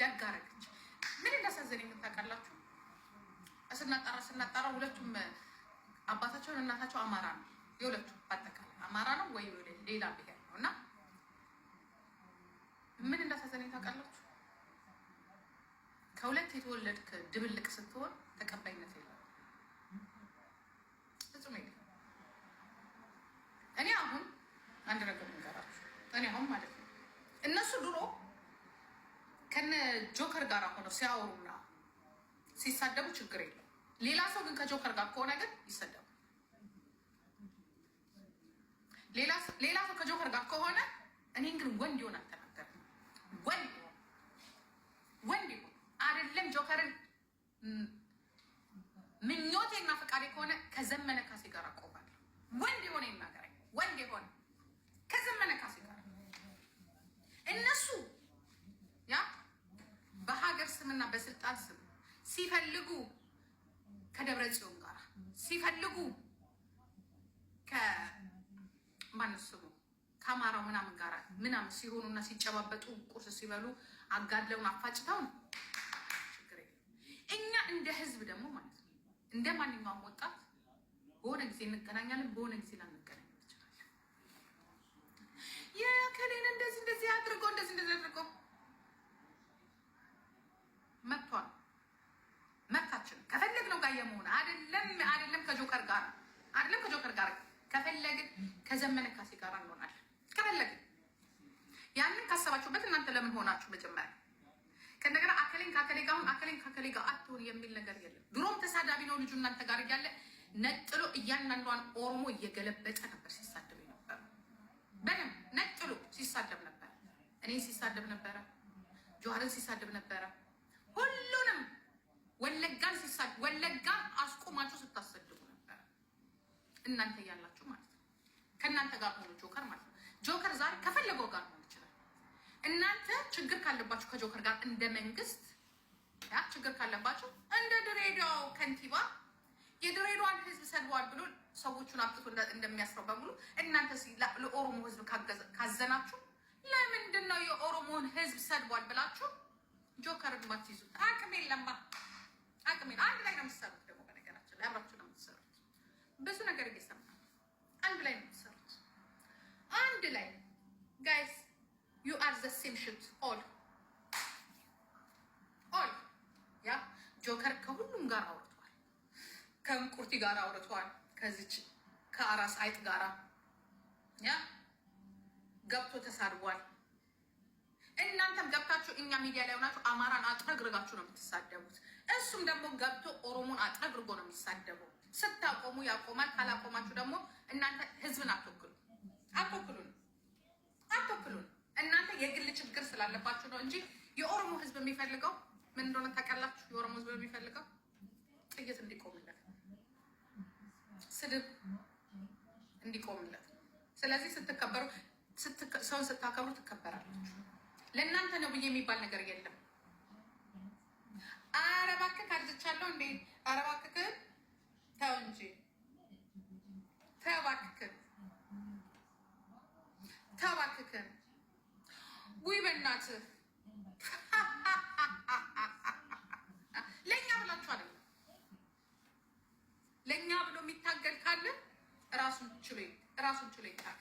ደግ አደረገች። ምን እንዳሳዘነኝ የምታውቃላችሁ? ስናጣራ ስናጣራ ሁለቱም አባታቸውን እናታቸው አማራ ነው። የሁለቱም አጠቃላይ አማራ ነው ወይ ሌላ ብሄር ነው። እና ምን እንዳሳዘነኝ ታውቃላችሁ? ከሁለት የተወለድክ ድብልቅ ስትሆን ተቀባይነት የለም፣ ፍጹም የለም። እኔ አሁን አንድ ነገር ንገራችሁ። እኔ አሁን ማለት ነው እነሱ ድሮ ከነ ጆከር ጋር ሆነው ሲያወሩና ሲሳደቡ ችግር የለም። ሌላ ሰው ግን ከጆከር ጋር ከሆነ ግን ይሰደቡ። ሌላ ሰው ከጆከር ጋር ከሆነ እኔን ግን ወንድ ይሆን አልተናገርም። ወንድ ወንድ ይሆን አይደለም። ጆከርን ምኞቴ ምኞቴና ፈቃዴ ከሆነ ከዘመነ ካሴ ጋር አቆማለሁ። ወንድ የሆነ ይናገራል። ወንድ የሆነ ከዘመነ ካሴ በስልጣን ስም ሲፈልጉ ከደብረ ጽዮን ጋር ሲፈልጉ ከማን ስሙ ከአማራው ምናምን ጋር ምናምን ሲሆኑና ሲጨባበጡ ቁርስ ሲበሉ አጋድለውን አፋጭተውን ችግር የለም። እኛ እንደ ህዝብ ደግሞ ማለት ነው እንደ ማንኛውም ወጣት በሆነ ጊዜ እንገናኛለን፣ በሆነ ጊዜ ላንገናኝ የመሆን አይደለም አይደለም ከጆከር ጋር አይደለም ከጆከር ጋር ከፈለግን ከዘመነ ካሴ ጋር እንሆናለን። ከፈለግን ያንን ካሰባችሁበት እናንተ ለምን ሆናችሁ መጀመሪያ ከእንደገና አከሌን ከአከሌ ጋር አሁን አከሌን ከአከሌ ጋር አትሆን የሚል ነገር የለም። ድሮም ተሳዳቢ ነው ልጁ እናንተ ጋር እያለ ነጥሎ እያንዳንዷን ኦሮሞ እየገለበጠ ነበር ሲሳደብ ነበር በደንብ ነጥሎ ሲሳደብ ነበር እኔን ሲሳደብ ነበረ። ጆሃርን ሲሳደብ ነበረ። ክሳ ወለጋ አስቆማችሁ ስታሰድቡ ነበር እናንተ እያላችሁ ማለት ነው። ከእናንተ ጋር ሆኖ ጆከር ማለት ነው። ጆከር ዛሬ ከፈለገው ጋር ሆኖ ይችላል። እናንተ ችግር ካለባችሁ ከጆከር ጋር እንደ መንግስት ያ ችግር ካለባችሁ እንደ ድሬዳው ከንቲባ የድሬዳዋን ህዝብ ሰድቧል ብሎ ሰዎቹን አብጥቶ እንደሚያስረው በሙሉ እናንተ ለኦሮሞ ህዝብ ካዘናችሁ ለምንድን ነው የኦሮሞን ህዝብ ሰድቧል ብላችሁ ጆከርን ማትይዙት? አቅም የለማ አቅም ጋይስ ዩ አር ዘ ሴም ሽት ኦል ኦል። ያ ጆከር ከሁሉም ጋር አውርቷል። ከእንቁርቲ ጋር አውርቷል። ከዚች ከአራስ አይጥ ጋር ያ ገብቶ ተሳድቧል። እናንተም ገብታችሁ እኛ ሚዲያ ላይ ሆናችሁ አማራን አጥረግርጋችሁ ነው የምትሳደቡት። እሱም ደግሞ ገብቶ ኦሮሞን አጥረግርጎ ነው የሚሳደበው። ስታቆሙ ያቆማል። ካላቆማችሁ ደግሞ እናንተ ህዝብን አትወክሉ አትወክሉን ስላለባችሁ ነው እንጂ የኦሮሞ ህዝብ የሚፈልገው ምን እንደሆነ ታውቃላችሁ? የኦሮሞ ህዝብ የሚፈልገው ጥይት እንዲቆምለት፣ ስድብ እንዲቆምለት። ስለዚህ ስትከበሩ፣ ሰውን ስታከብሩ ትከበራላችሁ። ለእናንተ ነው ብዬ የሚባል ነገር የለም። ኧረ እባክህ አርጅቻለሁ እንዴ! እባክህ ተው እንጂ ተው እባክህ ናት። ለእኛ ብላችኋል። ለእኛ ብሎ የሚታገል ካለ ራሱን ችሎ ራሱን ችሎ ይታገል።